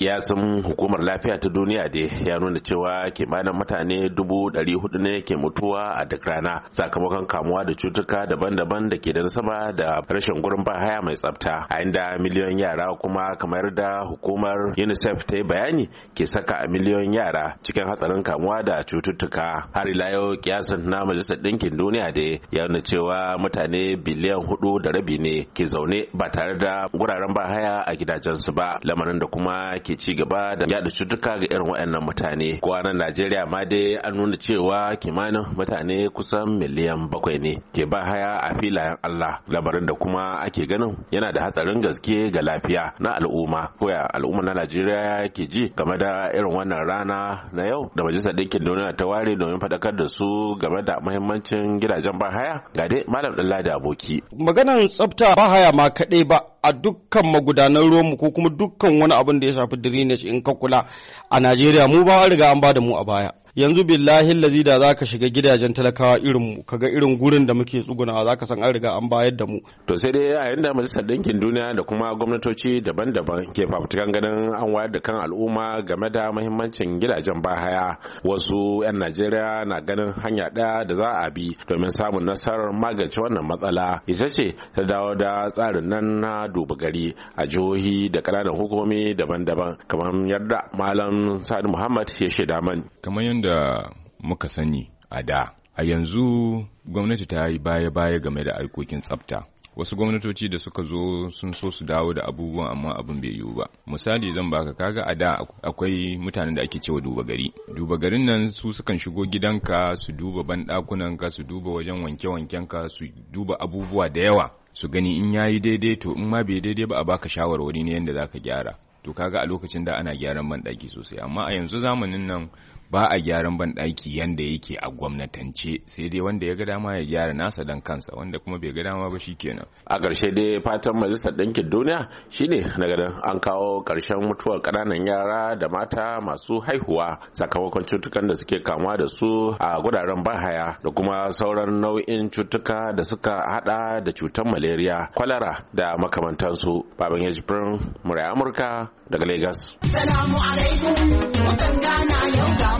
kiyasin hukumar lafiya ta duniya da ya nuna cewa kimanin mutane dubu ɗari hudu ne ke mutuwa a duk rana sakamakon kamuwa da cutuka daban-daban da ke da nasaba da rashin gurin bahaya mai tsafta a inda miliyoyin yara kuma kamar da hukumar unicef ta yi bayani ke saka a miliyoyin yara cikin hatsarin kamuwa da cututtuka har ila yau kiyasin na majalisar ɗinkin duniya da ya nuna cewa mutane biliyan hudu da rabi ne ke zaune ba tare da guraren bahaya a gidajensu ba lamarin da kuma ke ke ci gaba da yada cutuka ga irin waɗannan mutane kwanan najeriya ma dai an nuna cewa kimanin mutane kusan miliyan bakwai ne ke ba haya a filayen allah Labarin da kuma ake ganin yana da hatsarin gaske ga lafiya na al'umma koya al'umma na najeriya ke ji game da irin wannan rana na yau da majalisar ɗinkin duniya ta ware domin faɗakar da su game da muhimmancin gidajen ba haya ga dai malam ɗan Ladi aboki maganan tsafta ba haya ma kaɗai ba a dukkan magudanan ruwanmu ko kuma dukkan wani abin da ya shafi drainage in ka kula a Najeriya mu ba riga an ba da mu a baya. yanzu billahi lazi da zaka shiga gidajen talakawa irin mu kaga irin gurin da muke tsugunawa zaka san an riga an bayar da mu to sai dai a yanda majalisar dinkin duniya da kuma gwamnatoci daban-daban ke fafutukan ganin an wayar da kan al'umma game da muhimmancin gidajen bahaya wasu 'yan najeriya na ganin hanya daya da za a bi domin samun nasarar magance wannan matsala ita ce ta dawo da tsarin nan na duba gari a jihohi da kananan hukumomi daban-daban kamar yadda malam sani muhammad ya shaida man da muka sani a da a yanzu gwamnati ta yi baya-baya game da aikokin tsafta wasu gwamnatoci da suka zo sun so su dawo da abubuwan amma abin bai yiwu ba misali zan baka kaga a da akwai mutanen da ake cewa duba gari duba garin nan su sukan shigo gidanka su duba ka su duba wajen wanke-wankenka su duba abubuwa da yawa su gani in yayi daidai to in ma bai daidai ba a baka shawarwari ne yadda zaka gyara to kaga a lokacin da ana gyaran banɗaki sosai amma a yanzu zamanin nan ba a gyaran banɗaki yanda yake a gwamnatance sai dai wanda ya ga dama ya gyara nasa dan kansa wanda kuma bai ga dama ba shi kenan. a ƙarshe dai fatan majalisar ɗinkin duniya shine na ganin an kawo ƙarshen mutuwar ƙananan yara da mata masu haihuwa sakamakon cutukan da suke kamuwa da su a guraren bahaya da kuma sauran nau'in cutuka da suka hada da cutar malaria kwalara da makamantansu baban ya firin murai amurka daga lagos salamu alaikum yau